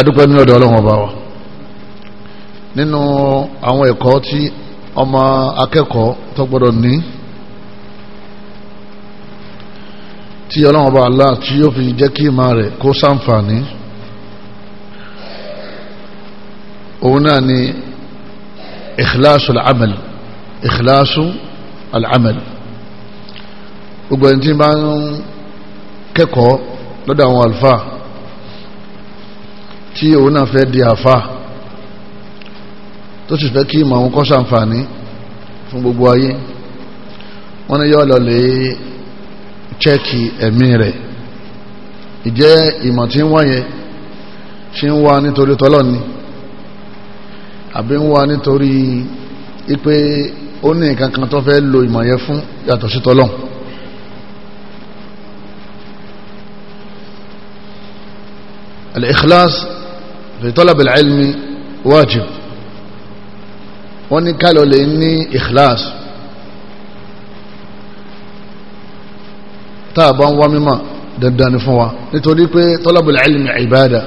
adúpẹ́ ní ọ̀dọ̀ ọlọ́run ọba wa nínú àwọn ẹ̀kọ́ tí ọmọ akẹ́kọ̀ọ́ tó gbọ́dọ̀ ní tí ọlọ́run ọba Allah tí yóò fi jẹ́ kí ìmá rẹ̀ kó ṣàǹfààní òun náà ni ikhlasu al-amal ikhlasu gbogbo ẹni tí bá ń kẹ́kọ̀ọ́ lọ́dọ̀ àwọn àlùfáà tí òun náà fẹ́ di àfa tó sì fẹ́ kí ìmọ̀ òun kọ́ sàǹfààní fún gbogbo ayé wọ́n ní yọ́ lọ́lẹ̀ chẹ́ẹ̀kì ẹ̀mí rẹ̀ ìjẹ́ ìmọ̀ tí ń wọ́n yẹn ṣe ń wá nítorí tọ́lọ́ ni àbí ń wá nítorí ipe ó ní nǹkan kan tó fẹ́ lo ìmọ̀ yẹn fún yàtọ̀ sí tọ́lọ́ al-ikhlas fi talab al-ilmi wajib wọ́n ní kálọ̀ lè ní ikhlas tá a bá ń wá mímọ̀ dandan ni fún wa nítorí pé talab al-ilmi ibada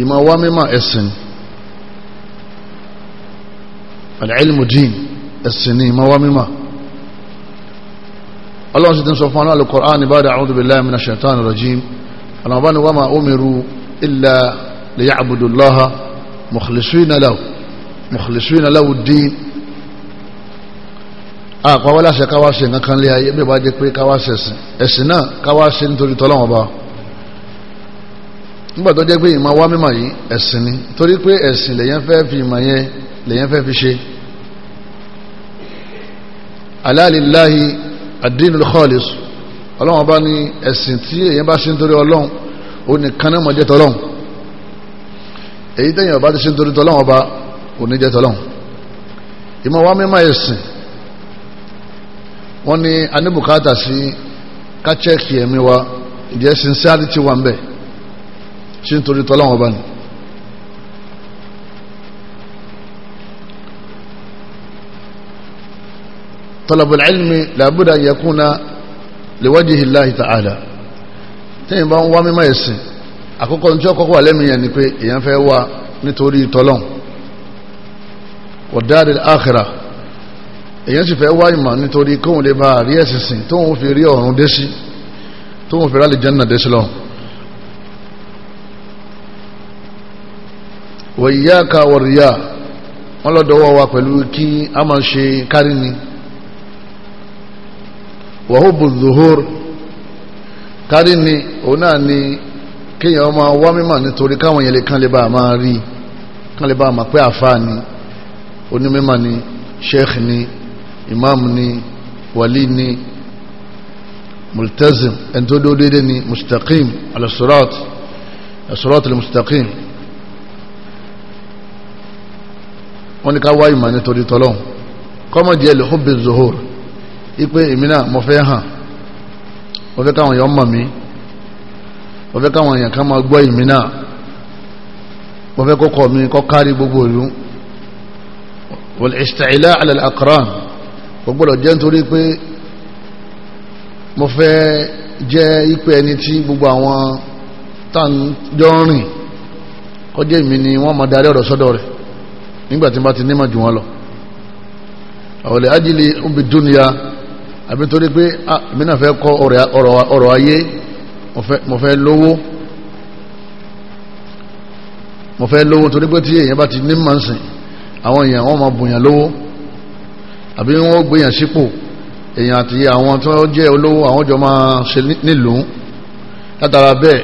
ìmọ̀ wá mímọ̀ ẹ̀sìn al-ilmu din ẹ̀sìn ni ìmọ̀ wá mímọ̀ Allah sì ti sọ fún aláàlú Qur'an ibada a'udhu billahi minash shaitani rajim àwọn ọba ni wọ́n máa umiru illa ليعبدوا الله مخلصين له مخلصين له الدين àpá wọ́n láṣẹ káwá ṣe nǹkan kan lé ayé bí ó bá jẹ́ pé káwá ṣẹ̀sìn ẹ̀sìn náà káwá ṣe nítorí tọ́lọ́wọ́n bá nígbà tó jẹ́ pé ìmọ̀ wá mímọ̀ yìí ẹ̀sìn ni torí pé ẹ̀sìn lèyàn fẹ́ fi ìmọ̀ yẹn lèyàn fẹ́ fi ṣe aláàlíláhi àdínul khalis ọlọ́wọ́n bá ní ẹ̀sìn tí èyàn bá ṣe nítorí ọlọ́run ó nìkan náà mọ̀jẹ́ tọ́lọ́run èyí tẹ́yìn ọba ti ṣe nítorí tọ́lọ́wọ́n ọba òní jẹ́ tọ́lọ́wọ́n ìmọ̀ wa mímọ̀ ẹ̀sìn wọ́n ní aníbùkátà sí káchẹ́ẹ̀kì ẹ̀mí wa ìjẹ́ sincerity wa ń bẹ̀ ṣe nítorí tọ́lọ́wọ́n ọba ni. طلب العلم لابد أن يكون لوجه الله تعالى تين بان وامي ما يسين àkọ́kọ́ ní tí ó kọ́kọ́ wà lẹ́nu yẹn ni pé èèyàn fẹ́ wà nítorí tọ́lọ́n wọ̀dáàdì àkìrà èèyàn sì fẹ́ wá ìmọ̀ nítorí kóhun lè bá rí ẹ̀sìn sìn tóhun fi rí ọ̀run dé sí tóhun fi rálì jẹ́nà dé lọ. wàhùbù zuhur kárí ni òun náà ni kéèyàn ọmọ wá mímọ̀ nítorí káwọn yẹn lè kán lè bá a máa rí kán lè bá a máa pé àfáà ni onímọ̀ ni sheikh ni imam ni wali ni multazim ẹni tó dó déédéé ni mustaqim alasurat alasurat almustaqim wọ́n ní ká wá ìmọ̀ nítorí tọ́lọ́hún kọ́mọ̀ díẹ̀ lè hubbi zuhur ipe èmi náà hàn mo káwọn yọ̀ mọ̀ mi mo fẹ́ káwọn èèyàn ká máa gbọ́ ìmí náà mo fẹ́ kọ́kọ́ mi kọ́ kárí gbogbo ìlú wal istila ala al aqran kò gbọ́dọ̀ jẹ́ nítorí pé mo fẹ́ jẹ́ ipe ẹni tí gbogbo àwọn tán rìn kọjá èmi ni wọ́n máa darí ọ̀rọ̀ sọ́dọ̀ rẹ̀ nígbà tí bá ti nímọ̀ jù wọ́n lọ àwọ̀lẹ̀ ajílẹ̀ obì dúnìyà àbí torí pé ah, èmi náà fẹ́ kọ́ ọ̀rọ̀ ayé mo fẹ́ lówó mo fẹ́ lówó torí pé tí èèyàn bá ti ní màá sìn àwọn èèyàn wọn máa bùnyàn lówó àbí wọn gbéyàn sípò èèyàn àti àwọn tí wọn jẹ́ olówó àwọn jọ máa ṣe nílùú látara bẹ́ẹ̀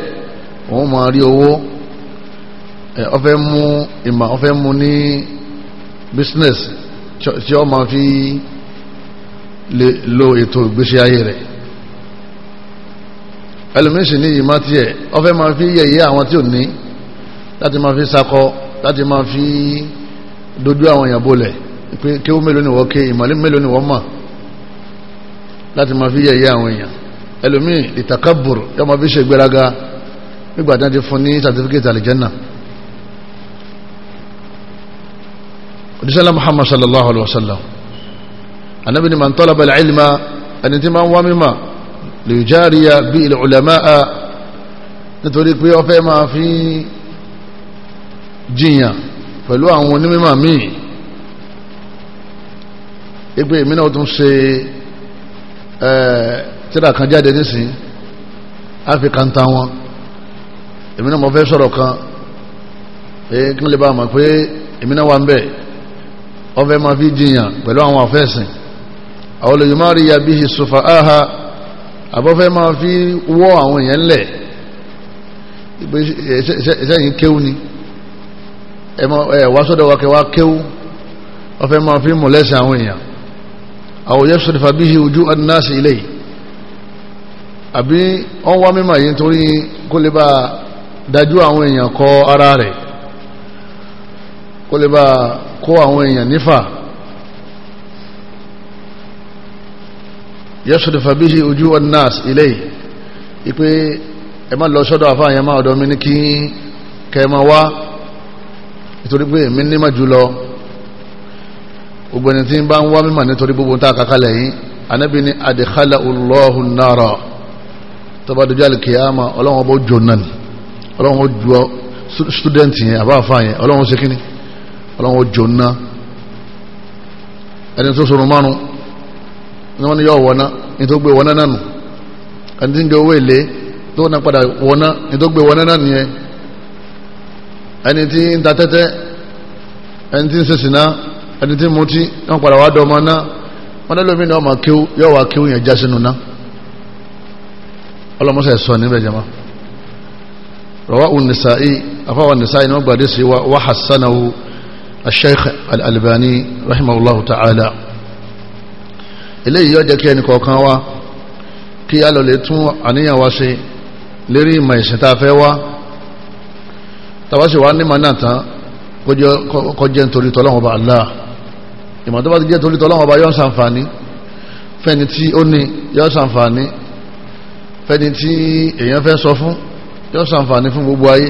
òun máa rí owó ó fẹ́ mú ìmọ̀ ó fẹ́ mú ní business tí ó máa fi lè lo ètò ìgbésí ayé rẹ̀ ẹlòmísìn ní ìmọ̀ tiẹ̀ ọfẹ́ máa fi yẹ̀yẹ́ àwọn tí ò ní láti máa fi sakọ láti máa fi dojú àwọn èèyàn bolẹ̀ pé kí ó mélòó ni wọ́n ké ìmọ̀lẹ́ mélòó ni wọ́n mọ̀ láti máa fi yẹ̀yẹ́ àwọn èèyàn ẹlòmíì ìtàkàbùrù yọ máa fi ṣe gbéraga nígbà tí wọ́n ti fún ní sàtífíkẹ́tì àlìjẹ́nà odisala muhammad sallallahu alaihi wa sallam anabi ni man talaba al-ilma ẹni tí máa ń wá mímọ̀ lè járíyà bí ilẹ̀ ọ̀lẹ́máà nítorí pé ó fẹ́ máa fi jiyàn pẹ̀lú àwọn onímọ̀ míì ipe èmi náà tún ṣe tíra kan jáde nísìn áfíríkà ń ta wọn èmi náà mo fẹ́ sọ̀rọ̀ kan pé kí n lè bá mọ̀ pé èmi náà wà ń bẹ̀ ó fẹ́ máa fi jiyàn pẹ̀lú àwọn afẹ́sìn àwọn olùyọ̀mọ́ rí bí ìṣòfà áhà àbọ́fẹ́ máa fi wọ́ àwọn èèyàn lẹ̀ ìṣẹ́yìn kéwú ni ẹ wa kẹwàá kéwú ọfẹ́ máa fi mọ̀ lẹ́sẹ̀ àwọn èèyàn àwòyẹ́ sọ́dọ̀fà bí i ojú adínáàsì ilé yìí àbí wọ́n wá mímọ̀ yìí torí kó lè bá dájú àwọn èèyàn kọ ara rẹ̀ kó lè bá kó àwọn èèyàn nífà yẹ́sùdùfà bí i ojú wọn náà ilé ìpé ẹ má lọ sọ́dọ̀ àfáà yẹn má ọ̀dọ̀ mi ní kí kẹma wá nítorí pé èmi ní má jùlọ gbogbo ẹni tí ń bá ń wá mímọ̀ nítorí gbogbo tá àkàkalẹ̀ yìí anábì ní adìkálà olóhù náírà tó bá dojú àlùkìyàmà ọlọ́run ọba ojú náà ni ọlọ́run ojú stúdẹ̀ntì yẹn àbáfáà yẹn ọlọ́run ṣe kíni ọlọ́run ojú náà ẹni tó sọ̀rọ̀ márùn-ún ní wọ́n ní yọ wọ́ná ní tó gbé wọ́ná náà nù ẹni tí ń jẹ owó èlé tó wọ́n náà padà wọ́ná ní tó gbé wọ́ná náà nìyẹn ẹni tí ń ta tẹ́tẹ́ ẹni tí ń sèṣìná ẹni tí ń mutí wọ́n padà wá dọ́mọ náà wọ́n lẹ́lómi náà máa kíw yọ wá kíw yẹn já sínú náà ọlọ́mọsẹ̀ sọ níbẹ̀ jẹ́ máa رواه النسائي أفوى النسائي نوبة ديسي وحسنه الشيخ الألباني رحمه الله تعالى eléyìí yóò jẹ́ kí ẹnì kọ̀ọ̀kan wa kí a lọ lè tún àníyàn wa ṣe lérí ìmọ̀ ìsìn tá a fẹ́ wá tàbáṣe wa nímọ̀ náà tán kọjẹ́ nítorí tọ́lọ́wọ́n ọba Allah ìmọ̀ tó bá ti jẹ́ nítorí tọ́lọ́wọ́n ọba yóò ṣàǹfààní fẹ́ni tí ó ní yóò ṣàǹfààní fẹ́ni tí èèyàn fẹ́ sọ fún yóò ṣàǹfààní fún gbogbo ayé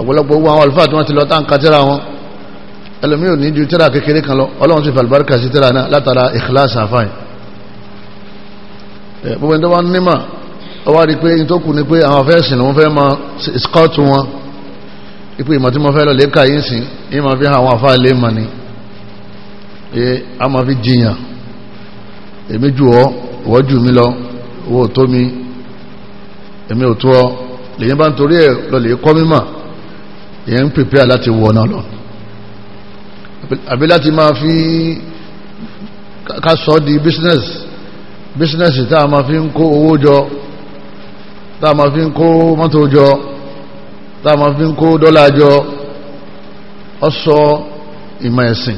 ọ̀pọ̀lọpọ̀ gbogbo àwọn àlùfáà tí wọ́n ti lọ tá à wọn ẹlòmí ò ní ju tíra kékeré kan lọ ọlọ́run sì fàlùbáríkà sí tíra náà látara ìkìláàsì àfáì gbogbo ẹni tó bá nímà ọwá rí pé tó kù ni pé àwọn afẹ́sìn wọn fẹ́ máa skọ́ọ̀tù wọn ipò ìmọ̀ tí mo fẹ́ lọ lè ka sìn yín máa fi hàn àwọn afá ilé mọ̀ ni ẹ a máa fi jiyàn èmi jù ọ́ ìwọ jù mí lọ owó tó mi èmi ò tó ọ lèyìn bá ń torí ẹ̀ lọ lè kọ́ mímọ̀ èyàn ń pèpè láti wọ̀ náà lọ àbí láti máa fi ká di business business tá a máa fi ń kó owó jọ tá a máa fi ń kó mọ́tò jọ tá a máa fi ń kó dọ́là jọ ó ìmọ̀ ẹ̀sìn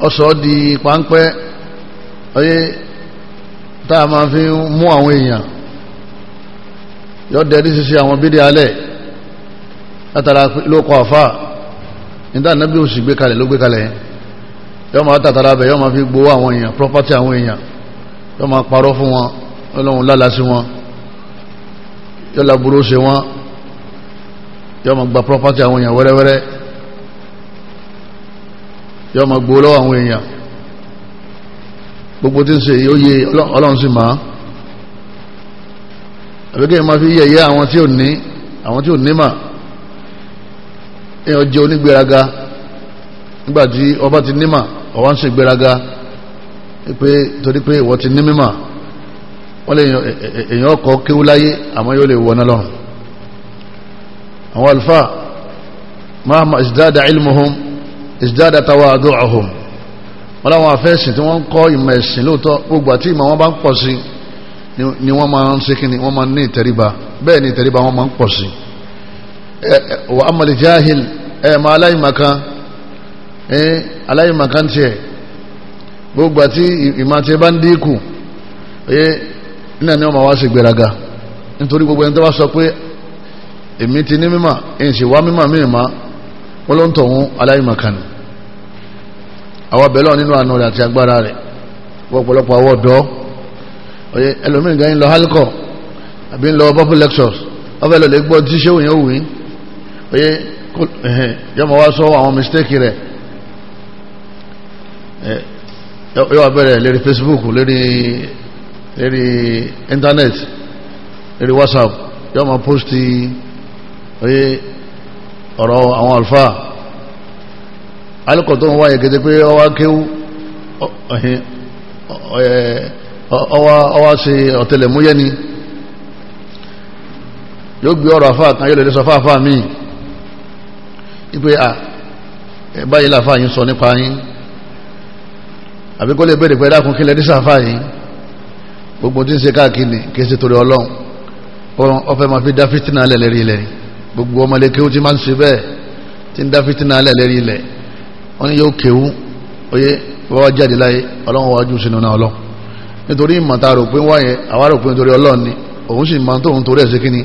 ó di páńpẹ́ ọyẹ tá a máa fi mú àwọn èèyàn yọ dẹ́rí ṣiṣẹ́ àwọn bídí alẹ́ látara ló àfáà níta nàbí òsì gbé kalẹ̀ ló gbé kalẹ̀ yẹn yọ máa tàtàrà bẹ̀ yọ máa fi gbowó àwọn èèyàn property àwọn èèyàn yọ máa parọ́ fún wọn ọlọ́run lálá sí wọn yọ laburú ṣe wọn yọ máa gba property àwọn èèyàn wẹ́rẹ́wẹ́rẹ́ yọ máa gbowó lọ́wọ́ àwọn èèyàn gbogbo tí ń ṣe yóò yé ọlọ́run sì máa àbíkẹ́ yẹn máa fi yẹ̀yẹ́ àwọn tí ò ní àwọn tí ò ní mà èèyàn jẹ́ onígbéraga nígbà tí ọba ti nímà ọba ń pé torí pé ìwọ ti ní wọ́n lè èèyàn ọkọ̀ kéwú láyé àmọ́ yóò lè wọná lọ́rùn àwọn alfa mahama isdada ilmuhum isdada tawadu'uhum wọ́n láwọn afẹ́sìn tí wọ́n kọ́ ìmọ̀ ẹ̀sìn lóòótọ́ gbogbo àti ìmọ̀ wọn bá ń ni wọ́n máa ń ṣe ni wọ́n máa ní bẹ́ẹ̀ ni ìtẹríba wọn máa ń pọ̀ sí ẹ̀ẹ̀mà aláìmọ̀kan ẹ̀ẹ́ aláìmọ̀kan ti ẹ̀ gbogbo àti ìmọ̀tí bá ń dínkù ẹ̀ẹ́ nínà ni wọ́n ma wá sí gbéraga nítorí gbogbo ẹni tó bá sọ pé èmi ti ní mímọ̀ èyí sì wá mímọ̀ míì má wọ́n ló ń tọ̀hún aláìmọ̀kan ni àwọn abẹ́lọ́ nínú àna rẹ̀ àti agbára rẹ̀ wọ́n àwọ̀ ọ̀dọ́ ẹlòmíì gan ń lọ hálíkọ̀ àbí ń lọ bubble lectures ọ̀fẹ́ lọ lè gbọ́ tí ṣéwìn yẹn Eh, yọmọ wá sọ àwọn mistake rẹ̀ eh, yọ wá bẹ̀rẹ̀ lérí facebook lérí lérí internet lérí whatsapp yọ ma posti oye ọ̀rọ̀ àwọn alfa alukọ̀ tó ń wáyé gẹ́gẹ́ pé ọwá kéwú ọwá eh, ṣe ọ̀tẹlẹ̀múyẹ́ ni yóò gbé ọ̀rọ̀ afá kan yóò lè lè sọ fáfá míì ipe à ah, báyìí làfà yìí sọ nípa yín àbí kó lè bèèrè pé dákun kílẹ̀ ní sàfà yìí gbogbo tí ń ṣe káàkiri kì í ṣe torí ọlọ́run ọfẹ́ máa fi dá fìtínà alẹ́ lérí ilẹ̀ gbogbo ọmọlé kéwú ti máa ń ṣe bẹ́ẹ̀ tí ń dá fìtínà alẹ́ lérí ilẹ̀ wọ́n ní yóò kéwú oyé wọ́n jáde láyé ọlọ́run wájú sínú náà ọlọ́run nítorí ìmọ̀ta rò pé wáyẹn àwa ọlọ́run ni òun sì máa tóun torí ẹ̀ sí kíni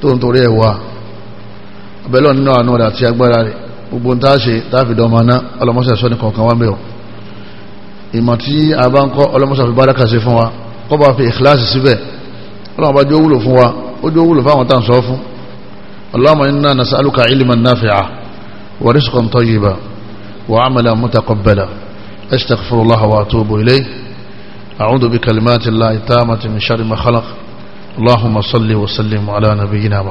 tóun torí ẹ̀ wá abẹ́lọ́ nínú àánú rẹ̀ àti agbára rẹ̀ gbogbo ń táà ṣe táàfidọ́ ọmọ náà ọlọ́mọṣẹ́ sọ ní kọ̀ọ̀kan wá mẹ́ọ̀ ìmọ̀ tí a bá ń kọ́ ọlọ́mọṣẹ́ fi bára kàṣe fún wa kọ́ bá fi ìkíláàsì síbẹ̀ ọlọ́mọba jó wúlò fún wa ó jó